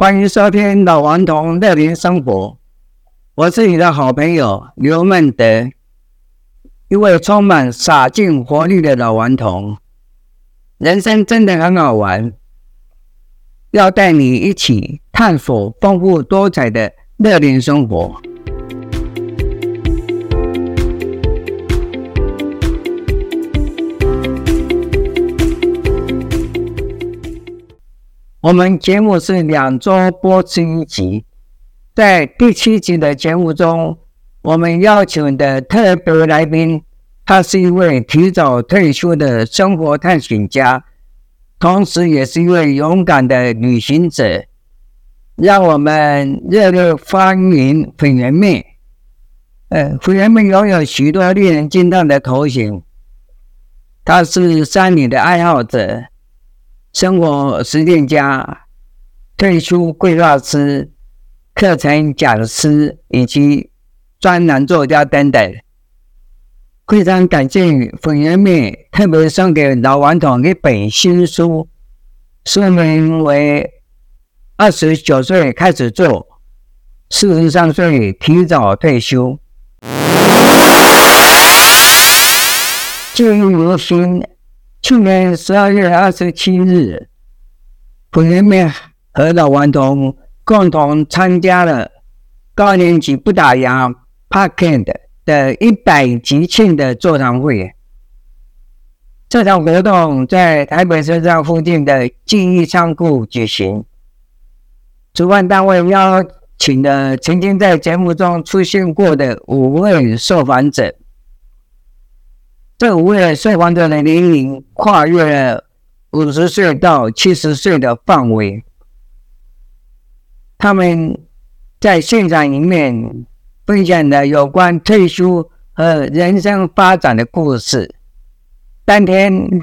歡迎收聽《老頑童樂齡生活》，我是你的好朋友劉孟德，一位充滿灑勁活力的老頑童。人生真的很好玩，要帶你一起探索豐富多彩的樂齡生活。我們節目是兩周播出一集，在第七集的節目中，我們邀請的特別來賓，他是一位提早退休的生活探險家，同時也是一位勇敢的旅行者。讓我們熱烈歡迎粉圓妹。呃，粉圓妹擁有許多令人驚嘆的頭銜，他是山裡的愛好者。生活實踐家、退休規劃師、課程講師以及專欄作家等等。非常感謝粉圓妹，特別送給老頑童一本新書，書名為《二十九歲開始做，四十三歲提早退休》，舊憶如新。去年十二月二十七日，粉圓妹和老頑童共同參加了高年級不打烊 Podcast 的一百集慶的座談會。這場活動在台北車站附近的記憶倉庫舉行。主辦單位邀請了曾經在節目中出現過的五位受訪者。這五位受訪者的年齡跨越了五十歲到七十歲的範圍，他們在現場裡面分享了有關退休和人生發展的故事。當天，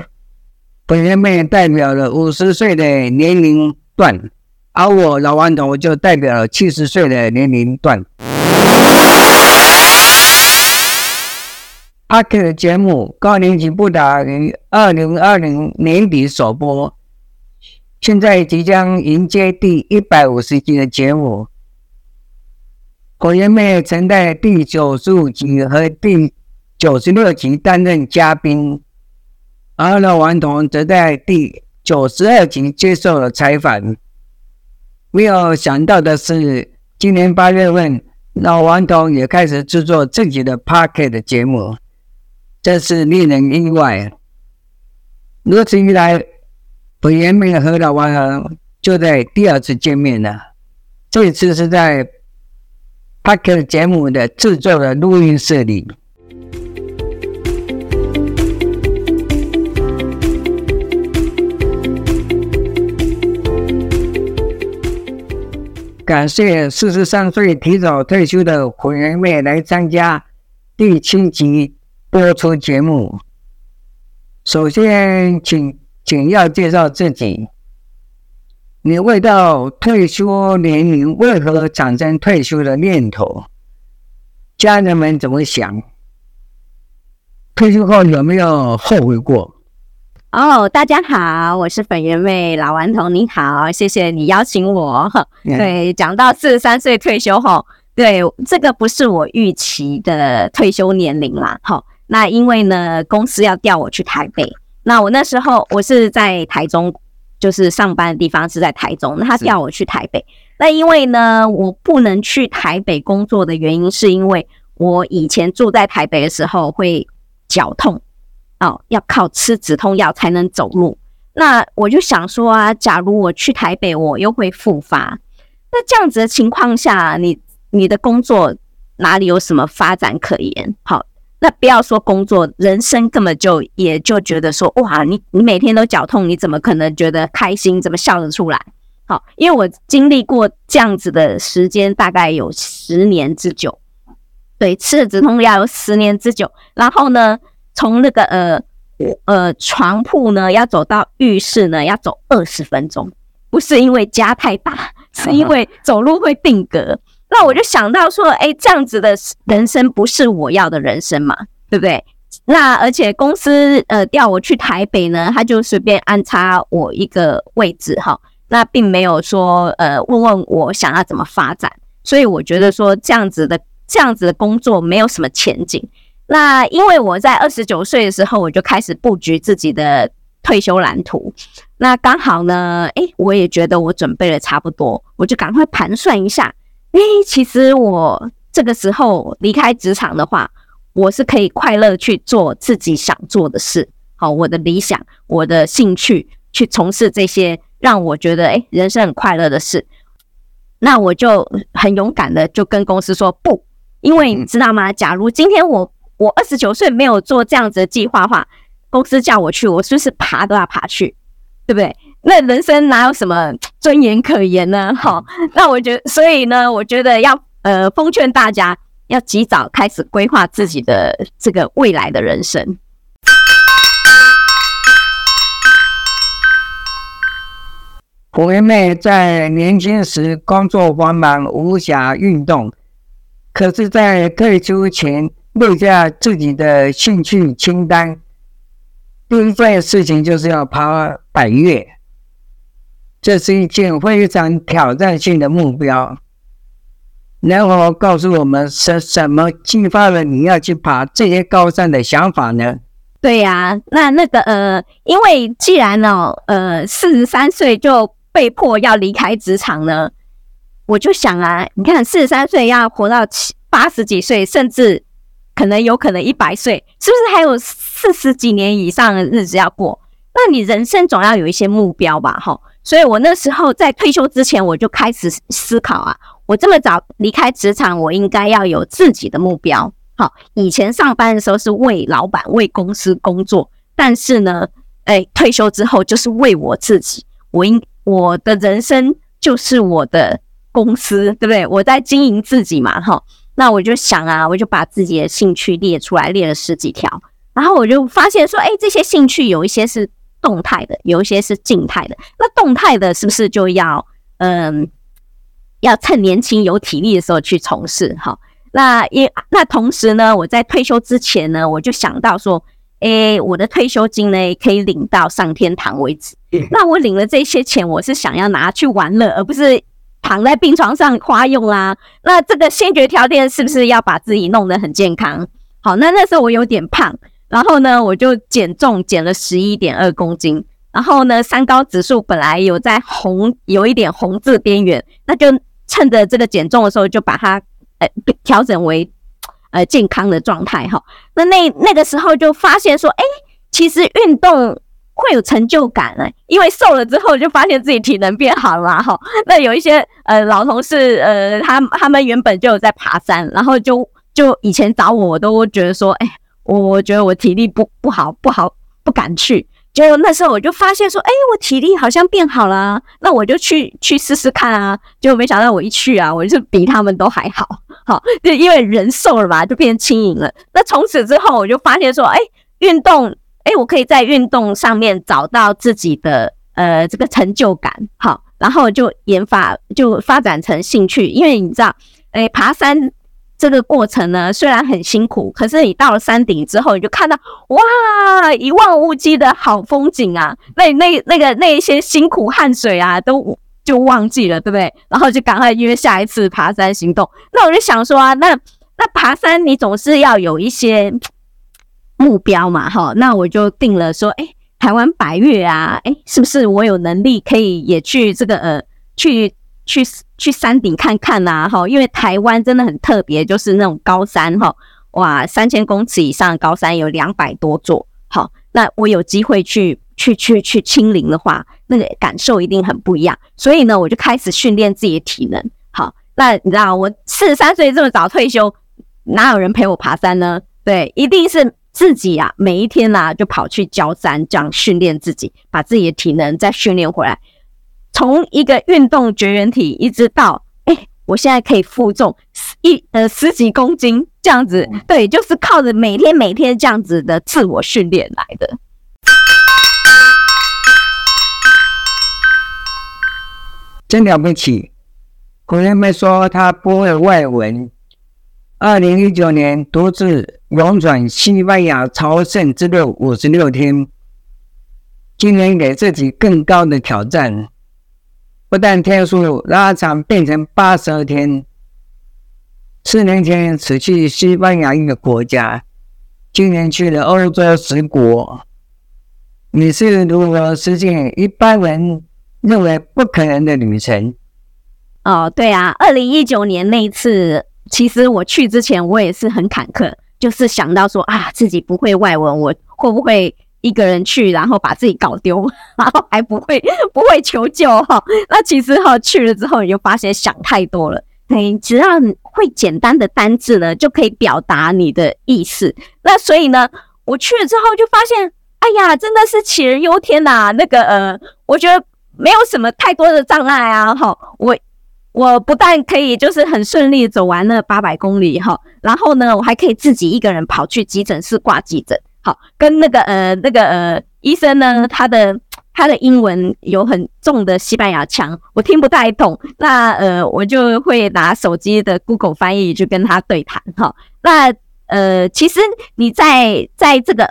本人們代表了五十歲的年齡段，而我老頑童就代表了七十歲的年齡段。Podcast 的節目，高年級不打烊，於二零二零年底首播，現在即將迎接第一百五十集的節目。粉圓妹曾在第九十五集和第九十六集擔任嘉賓，而老頑童則在第九十二集接受了採訪。沒有想到的是，今年八月份，老頑童也開始制作自己的 Podcast 的節目。真是令人意外！如此一來，粉圓妹和老頑童就在第二次見面了。這一次是在 Podcast 節目的製作的錄音室裡。感謝四十三歲提早退休的粉圓妹來參加第七集。播出節目，首先請簡要介紹自己。你未到退休年齡，為何產生退休的念頭？家人們怎麼想？退休後有沒有後悔過？哦、oh，大家好，我是粉圓妹。老頑童，你好，謝謝你邀請我。Yeah. 對，講到四十三歲退休後，對，這個不是我預期的退休年齡啦。好。那因為呢，公司要調我去台北。那我那時候我是在台中，就是上班的地方是在台中。那他調我去台北。那因為呢，我不能去台北工作的原因，是因為我以前住在台北的時候會腳痛，哦，要靠吃止痛藥才能走路。那我就想說啊，假如我去台北，我又會復發。那這樣子的情況下，你你的工作哪裡有什麼發展可言？好。那不要說工作，人生根本就也就覺得說，哇，你你每天都腳痛，你怎麼可能覺得開心？怎麼笑得出來？好、哦，因為我經歷過這樣子的時間，大概有十年之久。對，吃了止痛藥有十年之久。然後呢，從那個呃呃床鋪呢，要走到浴室呢，要走二十分鐘，不是因為家太大，是因為走路會定格。嗯嗯那我就想到說，哎、欸，這樣子的人生不是我要的人生嘛，對不對？那而且公司呃調我去台北呢，他就隨便安插我一個位置哈，那並沒有說呃問問我想要怎麼發展，所以我覺得說這樣子的這樣子的工作沒有什麼前景。那因為我在二十九歲的時候我就開始佈局自己的退休藍圖，那剛好呢，哎、欸，我也覺得我準備的差不多，我就趕快盤算一下。哎，其實我這個時候離開職場的話，我是可以快樂去做自己想做的事。好，我的理想，我的興趣，去從事這些讓我覺得哎、欸，人生很快樂的事。那我就很勇敢的就跟公司說不，因為你知道嗎？假如今天我我二十九歲沒有做這樣子的計劃的話，公司叫我去，我是不是爬都要爬去？對不對？那人生哪有什麼尊嚴可言呢？哈， 那我覺，所以呢，我覺得要呃，奉勸大家要及早開始規劃自己的這個未來的人生。粉圓妹在年輕時工作繁忙，忙，無暇運動，可是在退休前列下自己的興趣清單，第一件事情就是要爬百岳。這是一件非常挑戰性的目標。然後告訴我們是什麼激發了你要去爬這些高山的想法呢？對呀、啊，那那個呃，因為既然哦呃四十三歲就被迫要離開職場呢，我就想啊，你看四十三歲要活到七八十幾歲，甚至可能有可能一百歲，是不是還有四十幾年以上的日子要過？那你人生總要有一些目標吧，哈。所以我那時候在退休之前，我就開始思考啊，我這麼早離開職場，我應該要有自己的目標。好，以前上班的時候是為老闆、為公司工作，但是呢，哎、欸，退休之後就是為我自己，我應我的人生就是我的公司，對不對？我在經營自己嘛，哈。那我就想啊，我就把自己的興趣列出來，列了十幾條，然後我就發現說，哎、欸，這些興趣有一些是動態的有一些是靜態的，那動態的是不是就要嗯，要趁年輕有體力的時候去從事哈？那也那同時呢，我在退休之前呢，我就想到說，誒、欸，我的退休金呢可以領到上天堂為止。那我領了這些錢，我是想要拿去玩樂，而不是躺在病床上花用啊。那這個先決條件是不是要把自己弄得很健康？好，那那時候我有點胖。然後呢，我就減重，減了十一點二公斤。然後呢，三高指數本來有在紅，有一點紅字邊緣，那就趁着這個減重的時候，就把它呃調整為呃健康的狀態哈。那那那個時候就發現說，哎，其實運動會有成就感嘞、欸，因為瘦了之後就發現自己體能變好了哈。那有一些呃老同事呃，他他們原本就有在爬山，然後就就以前找我，我都覺得說，哎。我我覺得我體力不不好不好不敢去。就那時候我就發現說，哎，我體力好像變好了啊，那我就去去試試看啊，就沒想到我一去啊，我就比他們都還好，好，就因為人瘦了嘛，就變輕盈了。那從此之後我就發現說，哎，運動，哎，我可以在運動上面找到自己的呃這個成就感，好，然後就研發就發展成興趣，因為你知道，哎，爬山。這個過程呢，雖然很辛苦，可是你到了山頂之後，你就看到哇，一望無際的好風景啊！那那那個那一些辛苦汗水啊，都就忘記了，對不對？然後就趕快約下一次爬山行動。那我就想說啊，那那爬山你總是要有一些目標嘛，哈。那我就定了說，誒、欸、台灣百岳啊，誒、欸、是不是我有能力可以也去這個呃去？去去山頂看看吶，哈，因為台灣真的很特別，就是那種高山哈，哇，三千公尺以上的高山有兩百多座，好，那我有機會去去去去親臨的話，那個感受一定很不一樣。所以呢，我就開始訓練自己的體能。好，那你知道我四十三歲這麼早退休，哪有人陪我爬山呢？對，一定是自己呀、啊，每一天吶、啊、就跑去郊山這樣訓練自己，把自己的體能再訓練回來。從一個運動絕緣體一直到哎，我現在可以負重十一呃十幾公斤這樣子，對，就是靠着每天每天這樣子的自我訓練來的。真了不起。古人們說他不會外文，二零一九年獨自勇闖西班牙朝聖之路五十六天，今年給自己更高的挑戰。不但天數拉長變成八十二天，四年前此去西班牙一個國家，今年去了歐洲十國。你是如何實現一般人認為不可能的旅程？哦，對啊，二零一九年那一次，其實我去之前我也是很坎坷，就是想到說啊，自己不會外文，我會不會？一個人去，然後把自己搞丟，然後還不會不會求救哈。那其實哈去了之後，你就發現想太多了。你只要會簡單的單字呢，就可以表達你的意思。那所以呢，我去了之後就發現，哎呀，真的是杞人憂天吶啊。那個呃，我覺得沒有什麼太多的障礙啊。哈，我我不但可以就是很順利走完那八百公里哈，然後呢，我還可以自己一個人跑去急診室掛急診。好，跟那個呃，那個呃，醫生呢，他的他的英文有很重的西班牙腔，我聽不太懂。那呃，我就會拿手機的 Google 翻譯去跟他對談哈。那呃，其實你在在這個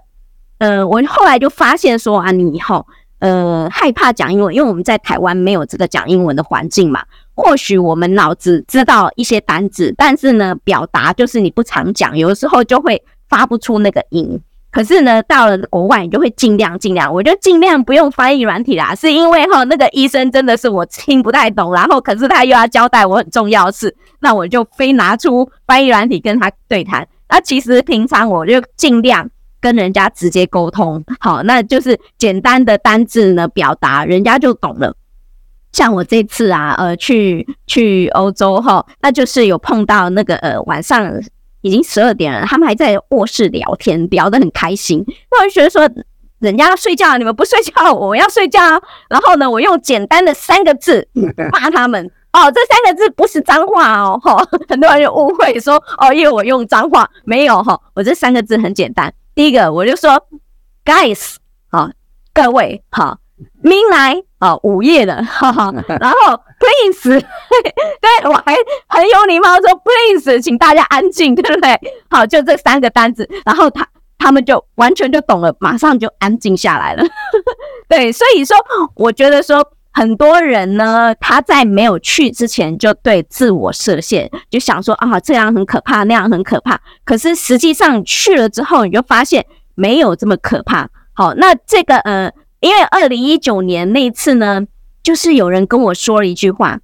呃，我後來就發現說啊，你以後呃害怕講英文，因為我們在台灣沒有這個講英文的環境嘛。或許我們腦子知道一些單詞，但是呢，表達就是你不常講，有的時候就會發不出那個音。可是呢，到了國外，你就會盡量盡量，我就盡量不用翻譯軟體啦，是因為齁，那個醫生真的是我聽不太懂，然後可是他又要交代我很重要的事，那我就非拿出翻譯軟體跟他對談。那、啊、其實平常我就盡量跟人家直接溝通，好，那就是簡單的單字呢表達，人家就懂了。像我這次啊，呃，去去歐洲齁，那就是有碰到那個呃晚上。已經十二點了，他們還在臥室聊天，聊得很開心。那我就覺得說：“人家要睡覺，你們不睡覺，我要睡覺。”然後呢，我用簡單的三個字罵他們。哦，這三個字不是髒話哦，哈。很多人就誤會說哦，因為我用髒話，沒有哈、哦。我這三個字很簡單。第一個，我就說：“Guys，、哦、各位，好、哦、Midnight、哦、午夜的，哈哈。”然後。Please， 對，我還很有禮貌說 Please，請大家安靜，對不對？好，就這三個單字，然後他他們就完全就懂了，馬上就安靜下來了。 對，所以說，我覺得說，很多人呢，他在沒有去之前就對自我設限，就想說啊，這樣很可怕，那樣很可怕。可是實際上去了之後，你就發現沒有這麼可怕。好，那這個呃，因為二零一九年那一次呢。就是有人跟我說了一句話，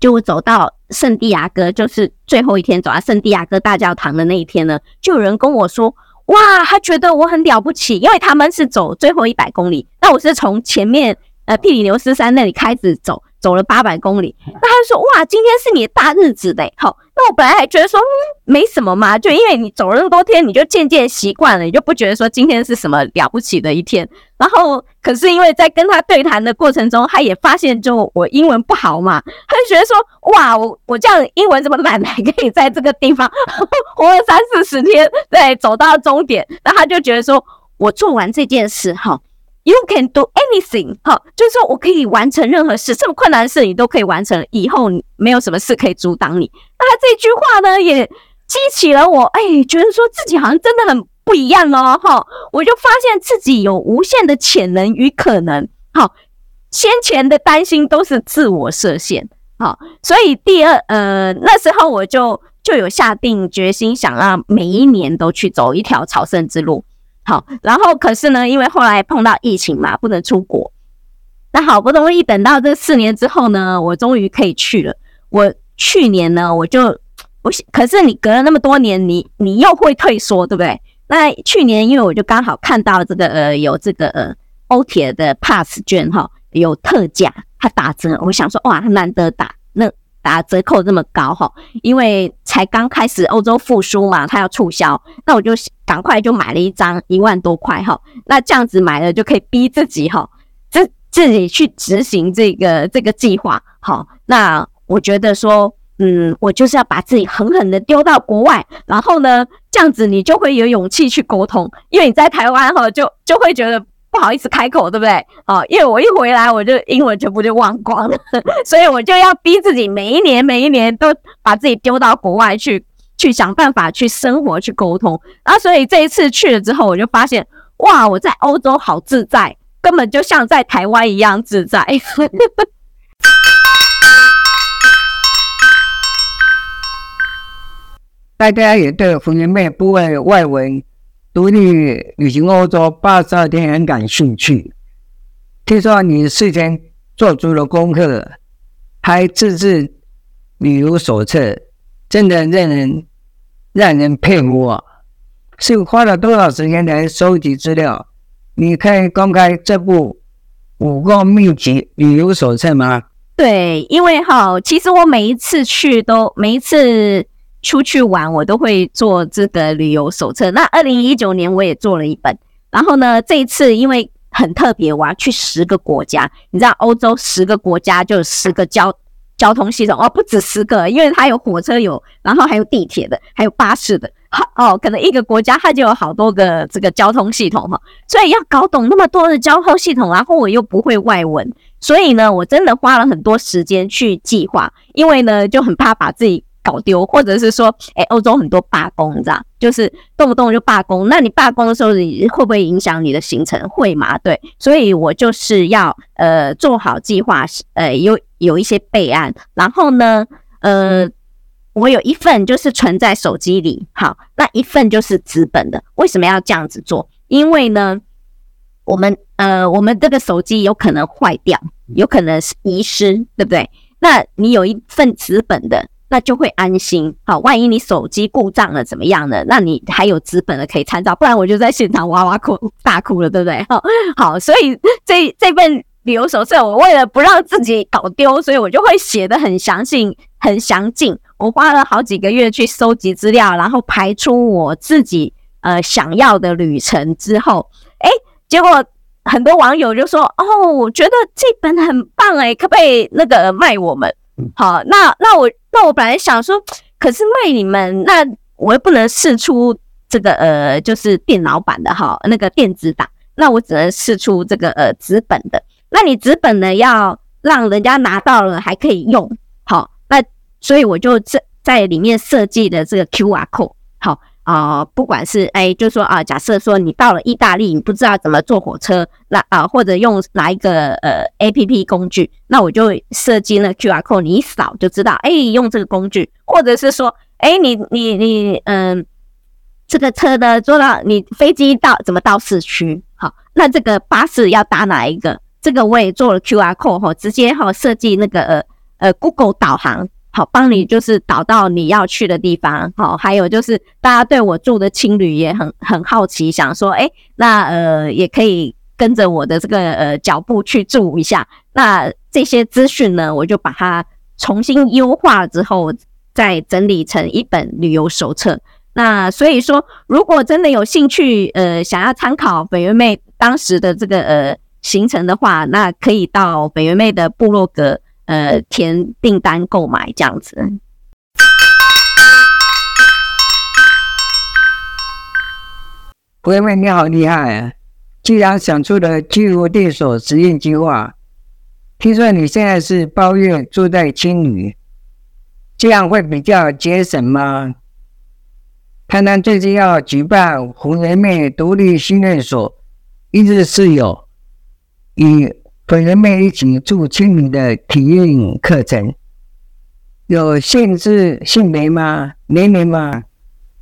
就我走到聖地亞哥，就是最後一天走到聖地亞哥大教堂的那一天呢，就有人跟我說：“哇，他覺得我很了不起，因為他們是走最後一百公里，那我是從前面呃庇里牛斯山那裡開始走，走了八百公里，那他就說：哇，今天是你的大日子嘞！好。”那我本來還覺得說嗯，沒什麼嘛，就因為你走了那麼多天，你就漸漸習慣了，你就不覺得說今天是什麼了不起的一天。然後可是因為在跟他對談的過程中，他也發現就我英文不好嘛，他就覺得說哇，我我這樣英文這麼爛，還可以在這個地方活了 三四十天，對，走到終點。那他就覺得說我做完這件事哈。You can do anything，好、哦，就是說我可以完成任何事，這麼困難的事你都可以完成，以後沒有什麼事可以阻擋你。那他這一句話呢，也激起了我，哎，覺得說自己好像真的很不一樣咯哦，哈，我就發現自己有無限的潛能與可能，好、哦，先前的擔心都是自我設限，好、哦，所以第二，呃，那時候我就就有下定決心，想讓每一年都去走一條朝聖之路。好，然後可是呢，因為後來碰到疫情嘛，不能出國。那好不容易等到這四年之後呢，我終於可以去了。我去年呢，我就我，可是你隔了那麼多年，你你又會退縮，對不對？那去年因為我就剛好看到了這個呃，有這個呃歐鐵的 Pass 券哈、哦，有特價，它打折，我想說哇，它難得打。打折扣這麼高哈，因為才剛開始歐洲復甦嘛，他要促銷，那我就趕快就買了一張一萬多塊哈，那這樣子買了就可以逼自己哈，自自己去執行這個這個計劃哈，那我覺得說，嗯，我就是要把自己狠狠的丟到國外，然後呢，這樣子你就會有勇氣去溝通，因為你在台灣哈，就就會覺得，不好意思開口，對不對？哦、因為我一回來我就英文全部就忘光了， 所以我就要逼自己，每一年每一年都把自己丟到國外去，去想辦法去生活，去溝通。然、啊、後，所以這一次去了之後，我就發現哇，我在歐洲好自在，根本就像在台灣一樣自在。 大家也對粉圓妹不會外文。獨立旅行歐洲八十二天很感興趣，聽說你事前做足了功課，還自制旅遊手冊，真的讓人讓人佩服啊！是花了多少時間來收集資料？你可以公開這部武功秘籍旅遊手冊嗎？對，因為哈，其實我每一次去都每一次。出去玩，我都會做這個旅遊手冊。那二零一九年我也做了一本。然後呢，這一次因為很特別，我要去十個國家。你知道，歐洲十個國家就有十個交交通系統哦，不止十個，因為它有火車有，然後還有地鐵的，還有巴士的。哦，可能一個國家它就有好多個這個交通系統哈。所以要搞懂那麼多的交通系統，然後我又不會外文，所以呢，我真的花了很多時間去計劃，因為呢就很怕把自己。搞丟，或者是說，哎、欸，歐洲很多罷工這樣，就是動不動就罷工。那你罷工的時候，你會不會影響你的行程？會嘛？對，所以我就是要呃做好計劃，呃有有一些備案。然後呢，呃，我有一份就是存在手機裡，好，那一份就是紙本的。為什麼要這樣子做？因為呢，我們呃我們這個手機有可能壞掉，有可能是遺失，對不對？那你有一份紙本的。那就會安心。好，萬一你手機故障了，怎麼樣呢？那你還有資本的可以參照。不然我就在現場哇哇哭大哭了，對不對？好，好，所以這這份旅遊手冊，我為了不讓自己搞丟，所以我就會寫得很詳細、很詳盡。我花了好幾個月去搜集資料，然後排出我自己呃想要的旅程之後，誒，結果很多網友就說：“哦，我覺得這本很棒誒、欸，可不可以那個賣我們？”好，那那我那我本來想說，可是賣你們，那我又不能釋出這個呃，就是電腦版的哈，那個電子檔，那我只能釋出這個呃紙本的。那你紙本呢，要讓人家拿到了還可以用。好，那所以我就在在裡面設計的這個 QR Code。好。啊、哦，不管是哎，就是說啊，假設說你到了意大利，你不知道怎麼坐火車，那啊，或者用哪一個呃 A P P 工具，那我就設計了 Q R code，你一掃就知道，哎，用這個工具，或者是說，哎，你你你，嗯，這個車呢，坐到你飛機到怎麼到市區？好，那這個巴士要搭哪一個？這個我也做了 Q R code 哈、哦，直接哈設計那個呃呃 Google 導航。好，幫你就是導到你要去的地方。好，還有就是大家對我住的青旅也很很好奇，想說，誒那呃也可以跟着我的這個呃腳步去住一下。那這些資訊呢，我就把它重新優化之後，再整理成一本旅遊手冊。那所以說，如果真的有興趣呃想要參考粉圓妹當時的這個呃行程的話，那可以到粉圓妹的部落格，呃，填訂單購買這樣子。粉圓妹，你好厲害！啊，居然想出了居無定所實驗計劃。聽說你現在是包月住在青旅，這樣會比較節省嗎？潘丹最近要舉辦粉圓妹獨立訓練所，一日是有與以本人們一起住。清明的體驗課程，有限制性別嗎？年齡嗎？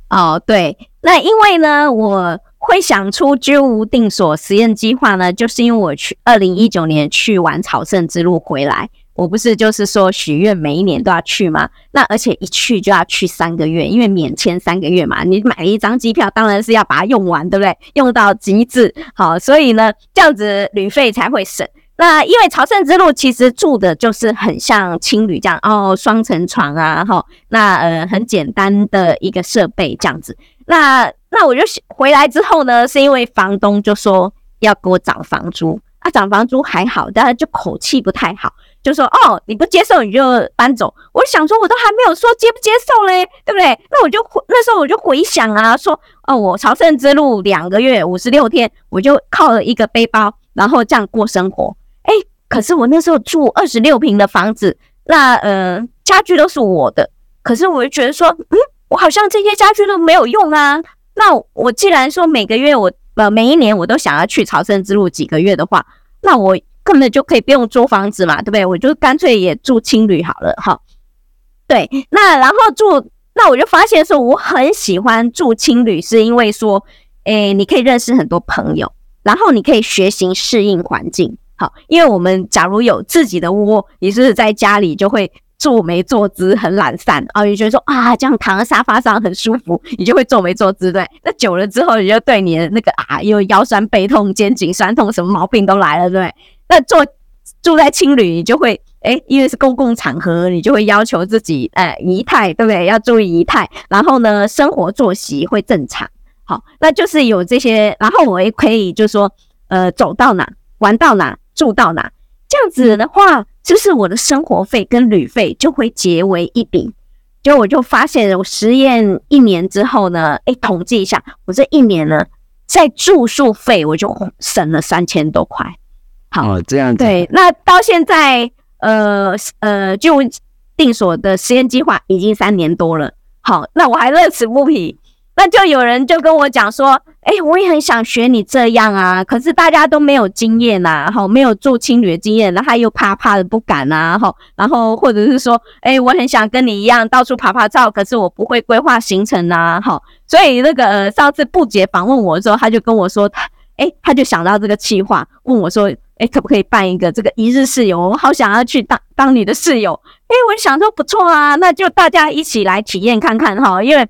哦，對，那因為呢，我會想出居無定所實驗計劃呢，就是因為我去二零一九年去完朝聖之路回來，我不是就是說許願每一年都要去嗎？那而且一去就要去三個月，因為免簽三個月嘛，你買一張機票當然是要把它用完，對不對？用到極致，好，所以呢，這樣子旅費才會省。那因為朝聖之路其實住的就是很像青旅這樣哦，雙層床啊，哈，那呃很簡單的一個設備這樣子。那那我就回來之後呢，是因為房東就說要給我漲房租啊，漲房租還好，但是就口氣不太好，就說哦，你不接受你就搬走。我想說我都還沒有說接不接受嘞，對不對？那我就回，那時候我就回想啊，說哦我朝聖之路兩個月五十六天，我就靠了一個背包，然後這樣過生活。哎、欸，可是我那時候住二十六平的房子，那呃家具都是我的。可是我就覺得說，嗯，我好像這些家具都沒有用啊。那我，我既然說每個月我呃每一年我都想要去朝聖之路幾個月的話，那我根本就可以不用租房子嘛，對不對？我就乾脆也住青旅好了哈。對，那然後住，那我就發現說我很喜歡住青旅，是因為說，哎、欸，你可以認識很多朋友，然後你可以學習適應環境。好，因為我們假如有自己的窩，你是，是在家裡就會坐沒坐姿很懶散啊，你覺得說啊，這樣躺在沙發上很舒服，你就會坐沒坐姿對。那久了之後，你就對你的那個啊，又腰痠背痛、肩頸痠痛，什麼毛病都來了對。那坐住在青旅，你就會哎、欸，因為是公共場合，你就會要求自己哎儀態對不對？要注意儀態，然後呢，生活作息會正常。好，那就是有這些，然後我也可以就是說呃走到哪玩到哪，住到哪，這樣子的話，就是我的生活費跟旅費就會結為一筆。就我就發現，我實驗一年之後呢，哎、欸，統計一下，我這一年呢，在住宿費我就省了三千多塊。好、哦，這樣子。對，那到現在，呃呃，居無定所的實驗計劃已經三年多了。好，那我還樂此不疲。那就有人就跟我講說，哎、欸，我也很想學你這樣啊，可是大家都沒有經驗吶、啊，哈，沒有做青旅的經驗，然後又怕怕的不敢吶、啊，哈，然後或者是說，哎、欸，我很想跟你一樣到處爬爬走，可是我不會規劃行程吶、啊，哈，所以那個、呃、上次布姐訪問我的時候，他就跟我說，哎、欸，他就想到這個計劃，問我說，哎、欸，可不可以辦一個這個一日室友？我好想要去當當你的室友，哎、欸，我想說不錯啊，那就大家一起來體驗看看哈，因為。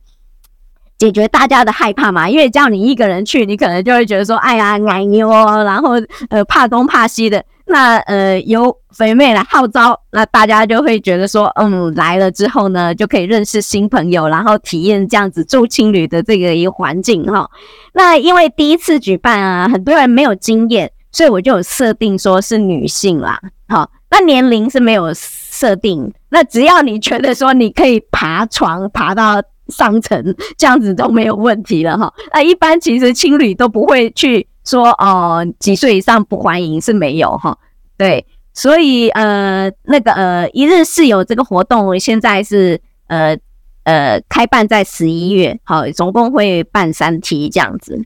解決大家的害怕嘛，因為叫你一個人去，你可能就會覺得說，哎呀，哎呦，然後呃怕東怕西的。那呃由肥妹來號召，那大家就會覺得說，嗯，來了之後呢，就可以認識新朋友，然後體驗這樣子住青旅的這個一個環境哈。那因為第一次舉辦啊，很多人沒有經驗，所以我就有設定說是女性啦，好，那年齡是沒有設定，那只要你覺得說你可以爬床爬到。上層這樣子都沒有問題了哈，那一般其實青旅都不會去說哦、呃，幾歲以上不歡迎是沒有哈，對，所以呃那個呃一日室友這個活動現在是呃呃開辦在十一月，好，總共會辦三期這樣子。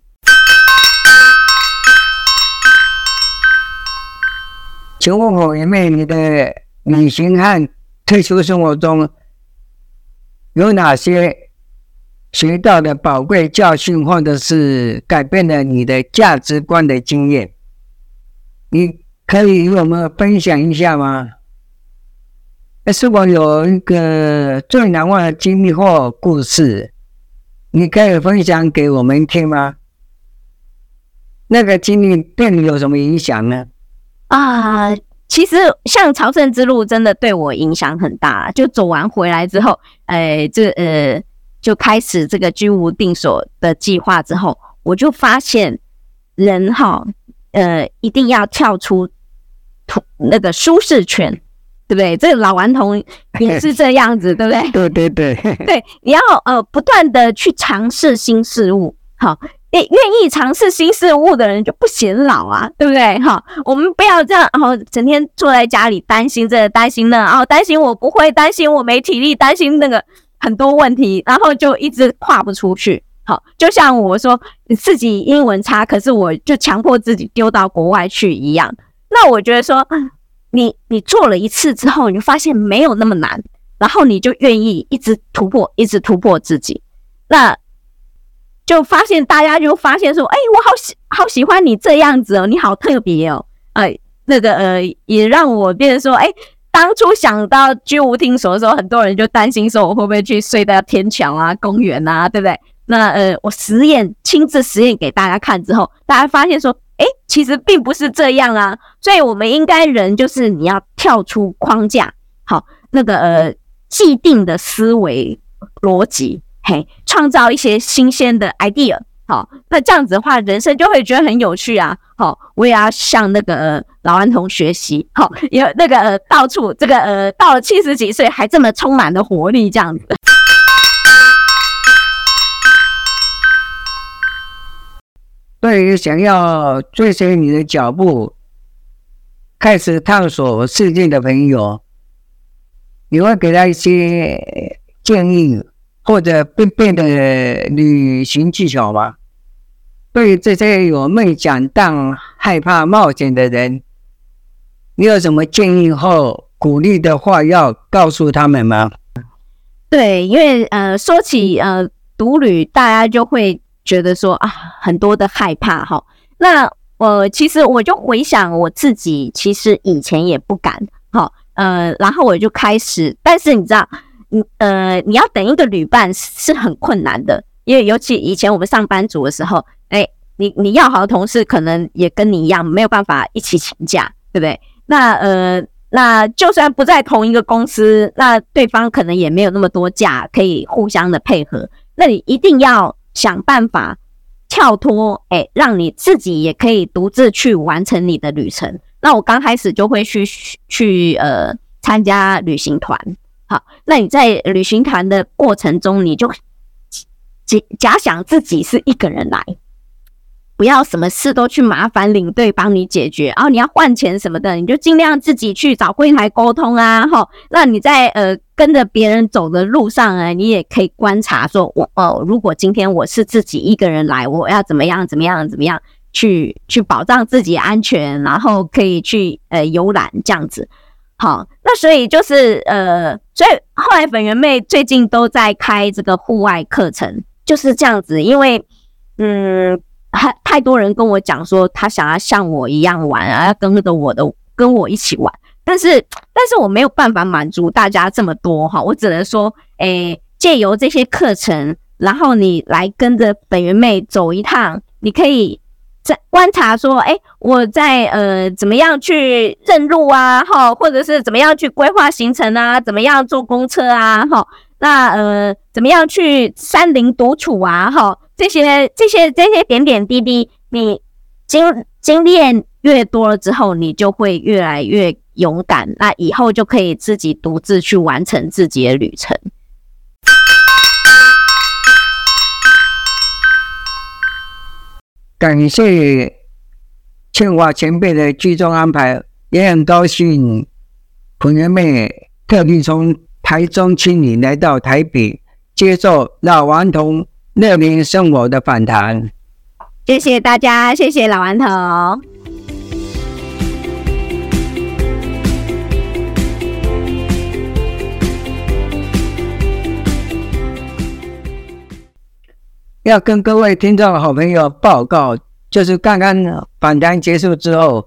請問粉圓妹，你的旅行和退休生活中有哪些學到的寶貴教訓，或者是改變了你的價值觀的經驗，你可以與我們分享一下嗎？如是我有一個最難忘的經歷或故事，你可以分享給我們聽嗎？那個經歷對你有什麼影響呢？啊，其實像朝聖之路真的對我影響很大，就走完回來之後，哎，這呃。就呃就開始這個居無定所的計劃之後，我就發現人哈，呃，一定要跳出那個舒適圈，對不對？這個老頑童也是這樣子， 對不對？ 對對對對，你要呃不斷的去嘗試新事物，好，誒，願意嘗試新事物的人就不顯老啊，對不對？哈、呃，我們不要這樣，哦，整天坐在家裡擔心這個、擔心那哦、個，擔心我不會，擔心我沒體力，擔心那個。很多問題，然後就一直跨不出去。好，就像我說你自己英文差，可是我就強迫自己丟到國外去一樣。那我覺得說，你你做了一次之後，你就發現沒有那麼難，然後你就願意一直突破，一直突破自己。那就發現大家就發現說，哎、欸，我好好喜歡你這樣子哦，你好特別哦，哎、欸，那個呃，也讓我變得說，哎、欸。當初想到居無聽所的時候，很多人就擔心說我會不會去睡在天橋啊、公園啊，對不對？那呃，我實驗親自實驗給大家看之後，大家發現說，誒，其實並不是這樣啊。所以我們應該人就是你要跳出框架，好，那個呃，既定的思維邏輯，嘿，創造一些新鮮的 idea。好、哦，那這樣子的話，人生就會覺得很有趣啊！好、哦，我也要向那個、呃、老頑童學習。好、哦，有那個、呃、到處這個呃，到了七十幾歲還這麼充滿的活力，這樣子。對於想要追隨你的腳步，開始探索世界的朋友，你會給他一些建議？或者便便的旅行技巧吧。對於這些有夢想但害怕冒險的人，你有什麼建議和鼓勵的話要告訴他們嗎？對，因為呃，說起呃獨旅，大家就會覺得說啊，很多的害怕哈。那我，呃，其實我就回想我自己，其實以前也不敢好，呃，然後我就開始，但是你知道。嗯，呃，你要等一個旅伴是是很困難的，因為尤其以前我們上班族的時候，哎，你你要好的同事可能也跟你一樣沒有辦法一起請假，對不對？那呃，那就算不在同一個公司，那對方可能也沒有那麼多假可以互相的配合。那你一定要想辦法跳脫，哎，讓你自己也可以獨自去完成你的旅程。那我剛開始就會去去呃參加旅行團。好，那你在旅行團的過程中，你就假假想自己是一個人來，不要什麼事都去麻煩領隊幫你解決。啊、哦，你要換錢什麼的，你就盡量自己去找櫃檯溝通啊。哈、哦，那你在呃跟着別人走的路上啊，你也可以觀察說，我哦，如果今天我是自己一個人來，我要怎麼樣怎麼樣怎麼樣去去保障自己安全，然後可以去呃遊覽這樣子。好、哦，那所以就是呃。所以後來粉圓妹最近都在開這個戶外課程，就是這樣子。因為嗯，太多人跟我講說，他想要像我一樣玩啊，要跟着我的，跟我一起玩。但是，但是我沒有辦法滿足大家這麼多哈，我只能說，誒、欸、借由這些課程，然後你來跟着粉圓妹走一趟，你可以。在觀察說：“誒，我在呃，怎麼樣去認路啊？哈，或者是怎麼樣去規劃行程啊？怎麼樣坐公車啊？哈、哦，那呃，怎麼樣去山林獨處啊？哈、哦，這些這些這些點點滴滴，你經經歷越多了之後，你就會越來越勇敢，那以後就可以自己獨自去完成自己的旅程。”感謝清華前輩的居中安排，也很高興朋友們特地從台中千里來到台北，接受老頑童樂齡生活的訪談。謝謝大家，謝謝老頑童。要跟各位聽眾好朋友報告，就是剛剛訪談結束之後，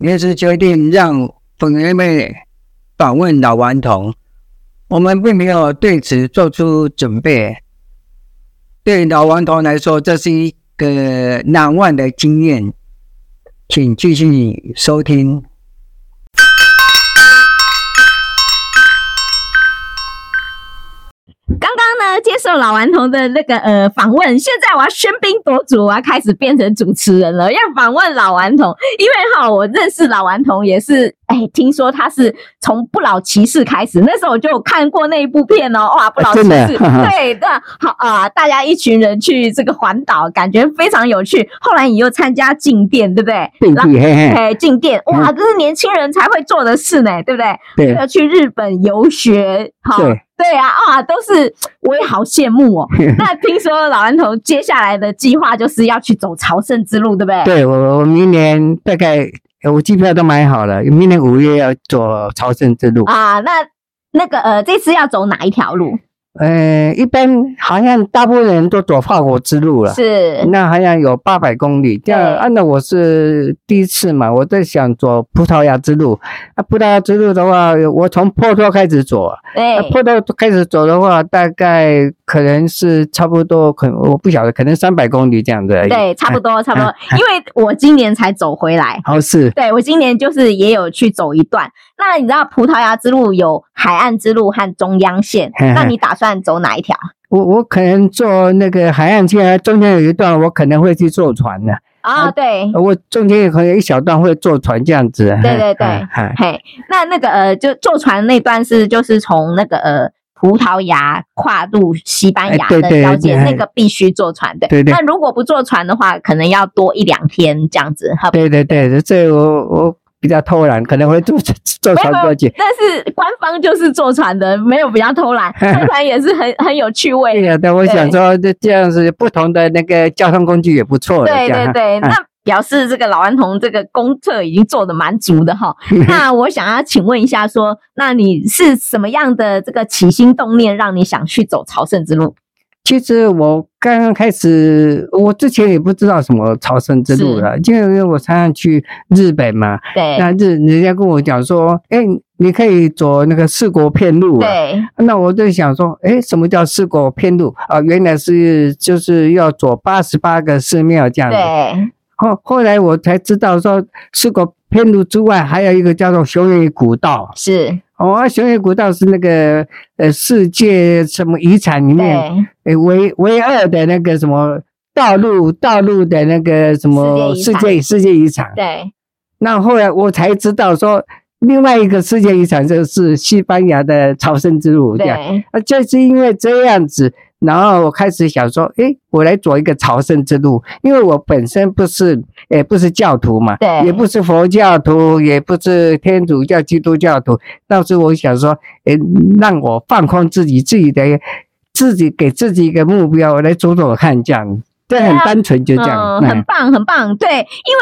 臨時決定讓粉圓妹訪問老頑童，我們並沒有對此做出準備。對於老頑童來說，這是一個難忘的經驗，請繼續收聽。接受老頑童的那個呃訪問，現在我要喧賓奪主啊，我要開始變成主持人了。要訪問老頑童，因為哈，我認識老頑童也是，哎、欸，聽說他是從《不老騎士》開始，那時候我就看過那一部片哦，哇，不老騎士，對、啊、的，對對好啊，大家一群人去這個環島，感覺非常有趣。後來你又參加靜電，對不對？靜、嗯、電，嘿嘿，靜、欸、電，哇，嗯、這是年輕人才會做的事呢，對不對？對，要去日本遊學好，對。對啊，啊，都是我也好羨慕哦。 那聽說老頑童接下來的計劃就是要去走朝聖之路，對不對？對，我我明年大概我機票都買好了，明年五月要走朝聖之路啊。那那個呃，這次要走哪一條路？嗯，一般好像大部分人都走法國之路了。是，那好像有八百公里。這樣，按照我是第一次嘛，我在想走葡萄牙之路。那、啊、葡萄牙之路的話，我從波多開始走。對，波多開始走的話，大概。可能是差不多，可能我不曉得，可能三百公里這樣子。對，差不多，嗯、差不多、嗯。因為我今年才走回來。哦，是。對我今年就是也有去走一段。那你知道葡萄牙之路有海岸之路和中央線？嗯嗯、那你打算走哪一條？我我可能坐那個海岸線、啊，中間有一段我可能會去坐船的、啊。啊，對。我中間可能有一小段會坐船這樣子。嗯、對對對、嗯嗯。嘿，那那個呃，就坐船那段是就是從那個呃。葡萄牙跨度西班牙的交界、欸，那個必須坐船的。對對，對對。那如果不坐船的話，可能要多一兩天這樣子。好不好對對對，這我我比較偷懶，可能會坐坐船過去沒沒。但是官方就是坐船的，沒有比較偷懶，坐船也是很、啊、很有趣味的。對呀、啊，但我想說，這樣子不同的那個交通工具也不錯。對對對，啊啊、那。表示，這個老頑童這個功課已經做得蠻足的哈、哦。那我想要請問一下說，說，那你是什麼樣的這個起心動念，讓你想去走朝聖之路？其實我剛剛開始，我之前也不知道什麼朝聖之路了，就因為我常常去日本嘛。對，那日，人家跟我講說，哎，你可以走那個四國遍路。啊，對，那我就想說，哎，什麼叫四國遍路啊、呃？原來是就是要走八十八個寺廟這樣的。對。後後來我才知道說，四國遍路之外還有一個叫做熊野古道，是哦，熊野古道是那個呃世界什麼遺產裡面，呃、唯唯二的那個什麼道路，道路的那個什麼世界世界,世界遺產。對，那後來我才知道說，另外一個世界遺產就是西班牙的朝聖之路，對，啊，就是因為這樣子。然後我開始想說，誒，我來走一個朝聖之路，因為我本身不是，也不是教徒嘛，對，也不是佛教徒，也不是天主教、基督教徒。到時候我想說，誒，讓我放空自己，自己的，自己給自己一個目標，我來走走走看，這樣，對，很單純，就這樣，嗯嗯，很棒，很棒。對，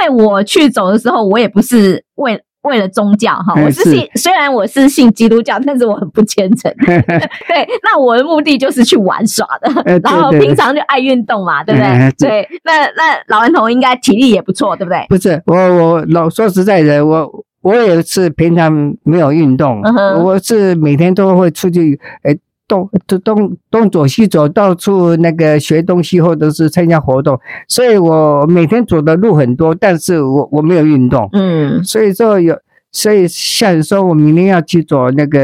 因為我去走的時候，我也不是為。為了宗教哈，我是信是，雖然我是信基督教，但是我很不虔誠。 對，那我的目的就是去玩耍的，呃、然後平常就愛運動嘛，呃、對不對？呃、對，那那老頑童應該體力也不錯，對不對？不是，我我老說實在的，我我也是平常沒有運動，嗯、我是每天都會出去誒。呃東東東東走西走，到處那個學東西或都是參加活動，所以我每天走的路很多，但是我我沒有運動，嗯，所以說有所以像說，我明天要去走那個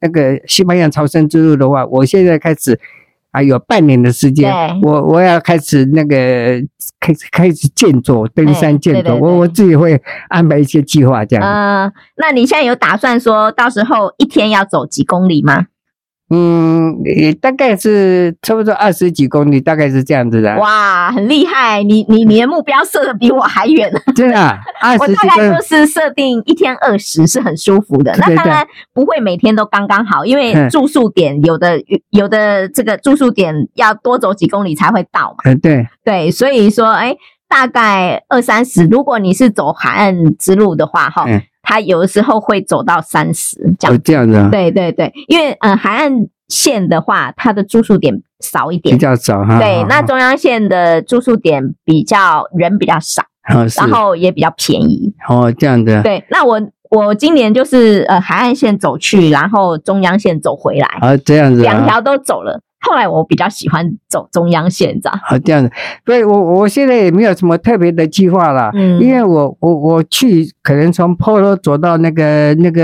那個西班牙朝聖之路的話，我現在開始還、啊、有半年的時間，我我要開始那個開始開始健走，登山健走、欸，我我自己會安排一些計劃這樣。嗯、呃，那你現在有打算說到時候一天要走幾公里嗎？嗯，大概是差不多二十幾公里，大概是這樣子的、啊。哇，很厲害！你你你的目標設的比我還遠、啊，真的、啊。二十， 我大概就是設定一天二十，是很舒服的。對對對，那當然不會每天都剛剛好，因為住宿點有的、嗯、有的這個住宿點要多走幾公里才會到嘛。嗯、對對，所以說，哎、欸，大概二三十，如果你是走海岸之路的話，哈、嗯。它有的時候會走到三十，這樣子。對對對，因為呃海岸線的話，它的住宿點少一點，比較少哈。對，那中央線的住宿點比較人比較少，然後也比較便宜。哦，這樣子。對，那我我今年就是呃海岸線走去，然後中央線走回來。啊，這樣子。兩條都走了。後來我比較喜歡走中央線，這樣。啊，這樣子對，對我我現在也沒有什麼特別的計劃了。嗯，因為我我我去可能從坡頭走到那個那個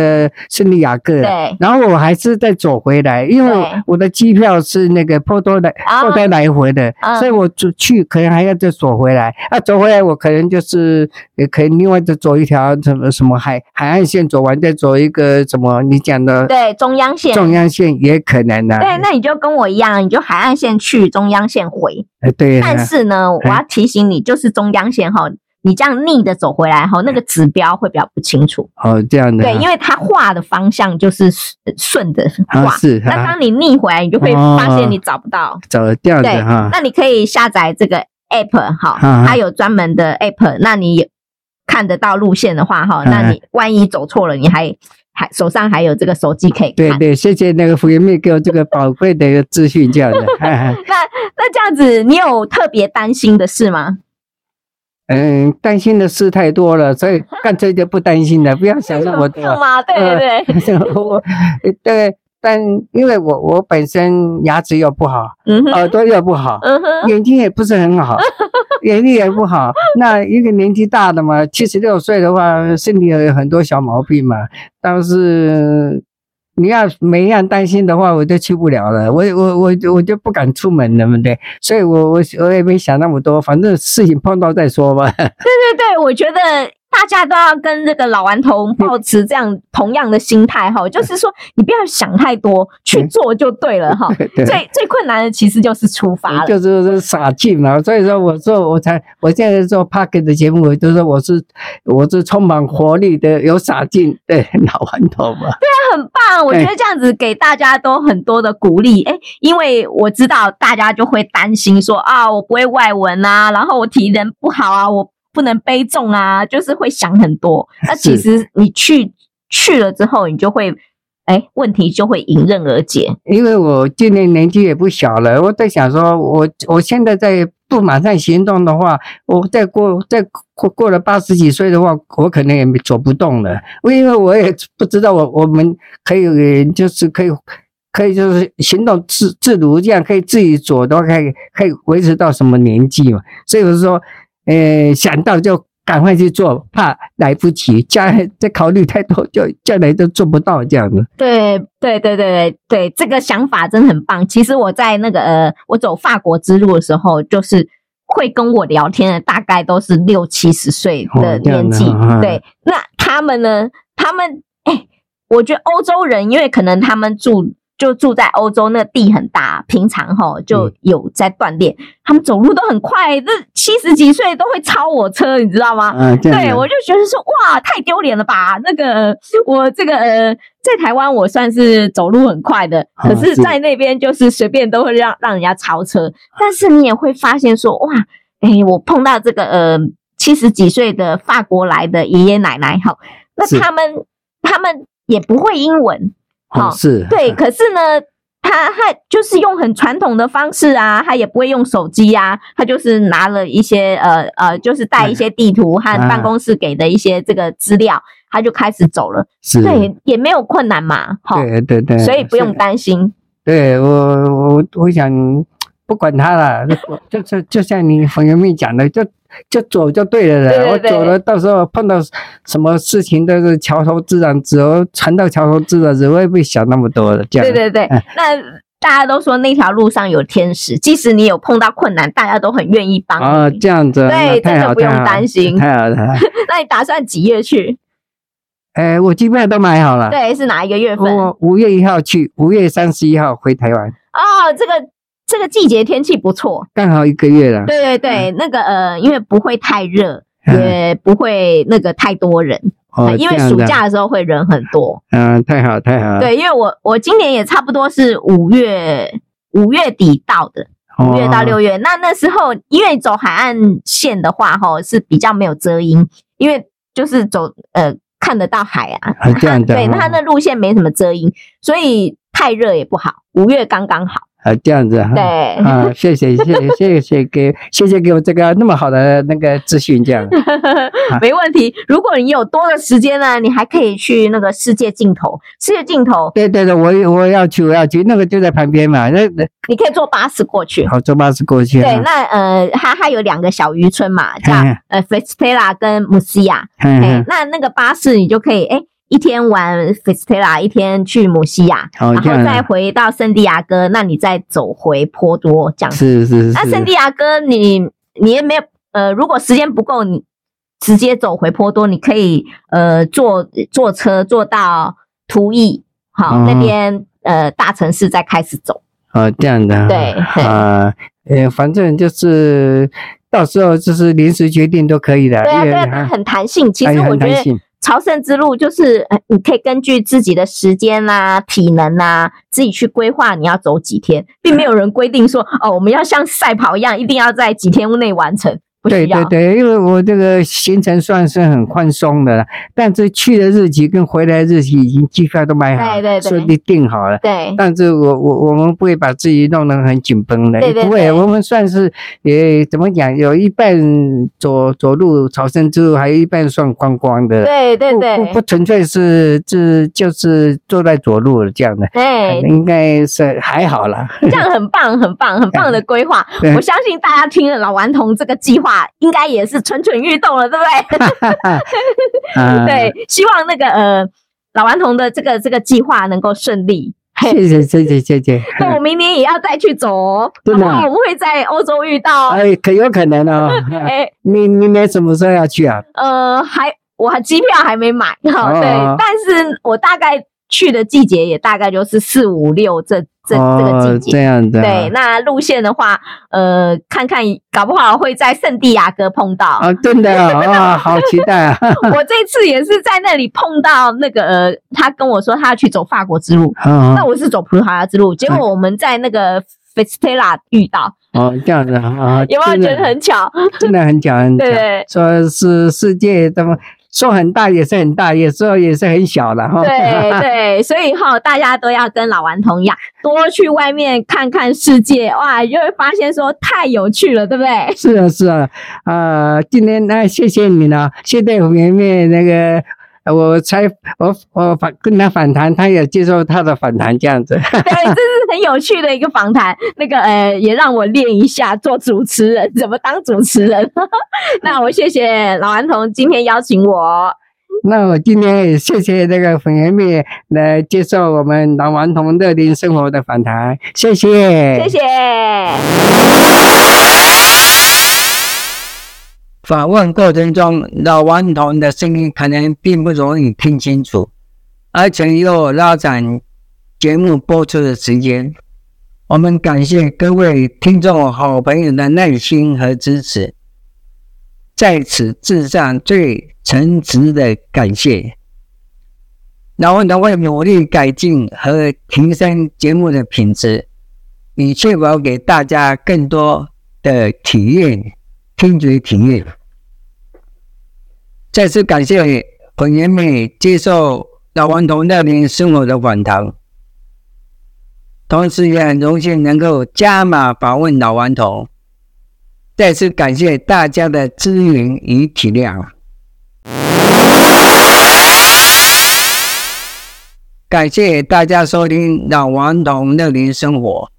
聖地亞哥。對，然後我還是再走回來，因為我的機票是那個坡多的，啊，過來回的，嗯，所以我就去可能還要再走回來。嗯，啊，走回來我可能就是，也可以另外再走一條什麼什麼海海岸線走完，再走一個什麼你講的中對中央線，中央線也可能呢。對，那你就跟我一樣。你就海岸線去，中央線回。哎對啊、但是呢，我要提醒你，哎、就是中央線哈，你這樣逆的走回來哈，那個指標會比較不清楚。哦，這樣的、啊。對，因為它畫的方向就是順着畫。是、啊。那當你逆回來，你就會發現你找不到。走、哦、掉、啊。對，那你可以下載這個 app 哈，它有專門的 app。那你看得到路線的話哈，那你萬一走錯了，你還。還手上還有這個手機可以看。對對，謝謝那個粉圓妹給我這個寶貴的一個資訊，這樣子。 嗯、那那這樣子，你有特別擔心的事嗎？嗯，擔心的事太多了，所以乾脆就不擔心了，不要想那麼多。有 嗎、呃？對對對。 我，對。但因為我我本身牙齒又不好，嗯、耳朵又不好、嗯，眼睛也不是很好，嗯、眼力也不好。 那一個年紀大的嘛，七十六歲的話，身體有很多小毛病嘛。但是你要每樣擔心的話，我就去不了了，我我我我就不敢出門了，對不對？所以我我我也沒想那麼多，反正事情碰到再說吧。對對對，我覺得。大家都要跟這個老頑童保持這樣同樣的心態哈、嗯，就是說你不要想太多，嗯、去做就對了哈、嗯。最、嗯、最困難的其實就是出發了，就是傻勁嘛。所以說，我說我才我現在做 Podcast 的節目，我就說我是我是，我是充滿活力的，有傻勁，對、欸、老頑童嘛。對啊，很棒！我覺得這樣子給大家都很多的鼓勵，哎、欸欸，因為我知道大家就會擔心說啊，我不會外文啊，然後我體能不好啊，我。不能悲重啊，就是會想很多。那其實你去去了之後，你就會哎，問題就會迎刃而解。因為我今年年紀也不小了，我在想說我，我我現在在不馬上行動的話，我再過再過過了八十幾歲的話，我可能也走不動了。因為我也不知道我，我我們可以就是可以可以就是行動自自如這樣，可以自己走的話，可以可以維持到什麼年紀嘛？所以就是說。誒、欸，想到就趕快去做，怕來不及，將來再考慮太多，就將來都做不到這樣的。對，對，對，對，對，這個想法真的很棒。其實我在那個呃，我走法國之路的時候，就是會跟我聊天的，大概都是六七十歲的年紀。哦、對，那他們呢？他們誒、哎，我覺得歐洲人，因為可能他們住。就住在歐洲，那個、地很大，平常齁就有在鍛鍊、嗯。他們走路都很快，那七十幾歲都會超我車，你知道嗎？嗯、對我就覺得說哇，太丟臉了吧？那個我這個呃，在台灣我算是走路很快的，可是，在那邊就是隨便都會讓讓人家超車、啊。但是你也會發現說哇，誒、欸、我碰到這個呃七十幾歲的法國來的爺爺奶奶齁，那他們他們也不會英文。好、哦、是，是、啊、對，可是呢，他他就是用很傳統的方式啊，他也不會用手機呀、啊，他就是拿了一些呃呃，就是帶一些地圖和辦公室給的一些這個資料，啊、他就開始走了，對，也沒有困難嘛，好、哦，對對對，所以不用擔心。對，我我我想。不管他了，就就就像你粉圓妹講的，就就走就對了，對對對，我走了，到時候碰到什麼事情都是橋頭自然直，船到橋頭自然直，我會不會想那麼多的。對對對、嗯，那大家都說那條路上有天使，即使你有碰到困難，大家都很願意幫你。哦，這樣子，對，大家不用擔心。太好，太好，太好了， 那你打算幾月去？哎，我機票都買好了。對，是哪一個月份？我五月一號去，五月三十一號回台灣。哦，這個。這個季節天氣不錯，剛好一個月啦。對對對、嗯，那個呃，因為不會太熱，嗯、也不會那個太多人、哦，因為暑假的時候會人很多。哦、嗯，太好太好。對，因為我我今年也差不多是五月五月底到的，五月到六月、哦。那那時候因為走海岸線的話、哦，吼是比較沒有遮陰，因為就是走呃看得到海啊，哦、它對，那那路線沒什麼遮陰，所以太熱也不好，五月剛剛好。啊，這樣子哈，對。啊，謝謝，謝謝，謝謝給，謝謝給我這個、啊、那麼好的那個資訊這樣。 沒問題，如果你有多的時間呢、啊，你還可以去那個世界盡頭，世界盡頭。對對對，我我要去，我要去，那個就在旁邊嘛。那那你可以坐巴士過去。好，坐巴士過去、啊。對，那呃，它還有兩個小漁村嘛，叫呵呵呃菲斯特拉跟姆西亞，欸、那那個巴士你就可以，哎、欸。一天玩菲斯特拉，一天去母西亞，oh, 然後再回到聖地亞哥，那你再走回波多，這樣子。是是是。那聖地亞哥你你也沒有呃，如果時間不夠，你直接走回波多，你可以呃坐坐車坐到圖伊好，那邊呃大城市再開始走。哦、oh,，這樣的。對啊對，呃，反正就是到時候就是臨時決定都可以的。對啊，對啊，它很彈性。其實我覺得。呃朝聖之路就是，你可以根據自己的時間啦、啊、體能啦、啊，自己去規劃你要走幾天，並沒有人規定說，哦，我們要像賽跑一樣，一定要在幾天內完成。對對對，因為我這個行程算是很寬鬆的了，但是去的日期跟回來的日期已經機票都買好了。對對對。說你定好了。對，對，但是我我我們不會把自己弄得很緊繃的，對對對不會。我們算是也怎麼講，有一半走走路朝聖之路，還有一半算觀光，光的。對對對不，不純粹是是就是坐在左路這樣的。對，對，嗯，應該是還好啦。這樣很棒很棒很棒的規劃，嗯，我相信大家聽了老頑童這個計劃。啊，應該也是蠢蠢欲動了，對不對？哈哈哈。對，希望那個呃老頑童的這個這個計劃能夠順利。謝謝謝謝謝謝。那 我明年也要再去走，哦，可能我們會在歐洲遇到，哦。哎，可有可能哦。啊，哎，你你什麼時候要去啊？呃，還我機票還沒買哈，哦，對哦哦，但是我大概去的季節也大概就是四五六這。這、哦這個、這樣子。對，那路線的話，呃，看看，搞不好會在聖地亞哥碰到。啊、哦，真的啊、哦 哦，好期待啊！哈哈，我這次也是在那裡碰到那個，呃、他跟我說他要去走法國之路，那、哦、我是走葡萄牙之路，哦、結果我們在那個菲斯泰拉遇到。哦，這樣子啊，哦、 有沒有覺得很巧？真的，真的很巧很巧，對 對，說是世界的嗎。說很大也是很大，有時候也是很小的哈。對對， 所以哈，大家都要跟老頑童一樣，多去外面看看世界哇，就會發現說太有趣了，對不對？是啊是啊，呃，今天那、呃、謝謝你了，謝謝粉圓妹那個。我猜，我我反跟他訪談，他也接受他的訪談，這樣子。對，這是很有趣的一個訪談， 那個呃，也讓我練一下做主持人，怎麼當主持人。呵呵，那我謝謝老頑童今天邀請我。 那我今天也謝謝那個粉圓妹來接受我們老頑童樂齡生活的訪談，謝謝。謝謝。訪問過程中，老頑童的聲音可能並不容易聽清楚，而且又拉長節目播出的時間。我們感謝各位聽眾好朋友的耐心和支持，在此致上最誠摯的感謝。老頑童會努力改進和提升節目的品質，以確保給大家更多的體驗、聽覺體驗。再次感謝粉圓妹接受老頑童樂齡生活的訪談，同時也很榮幸能夠加碼訪問老頑童。再次感謝大家的支援與體諒，感謝大家收聽老頑童樂齡生活。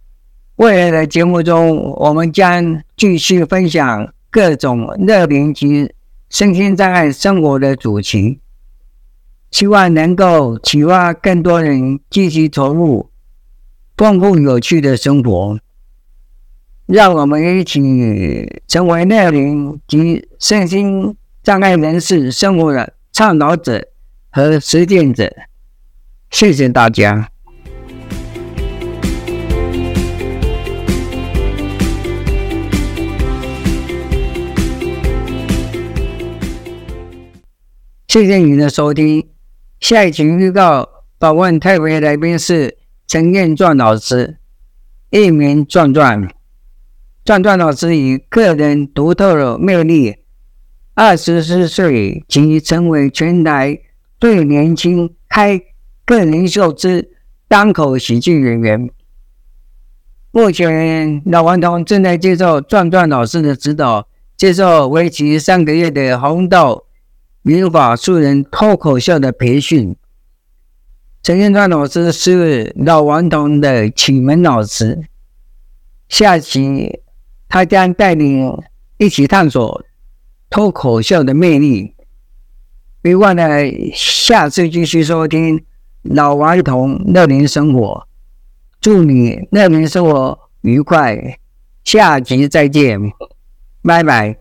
未來的節目中，我們將繼續分享各種樂齡及，身心障礙生活的主題，希望能夠啟發更多人積極投入豐富有趣的生活。讓我們一起成為那臨及身心障礙人士生活的倡導者和實踐者。謝謝大家。謝謝您的收聽，下一集預告：訪問特別來賓是陳彥壯老師，藝名“壯壯”。壯壯老師以個人獨特的魅力，二十四歲即成為全台最年輕開個人秀之單口喜劇演員。目前老頑童正在接受壯壯老師的指導，接受為期三個月的紅豆民法素人脫口秀的培訓，陳建川老師是老頑童的啟蒙老師。下集他將帶你一起探索脫口秀的魅力。別忘了下次繼續收聽老頑童樂齡生活。祝你樂齡生活愉快，下集再見，拜拜。